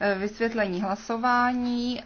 Eh, vysvětlení hlasování.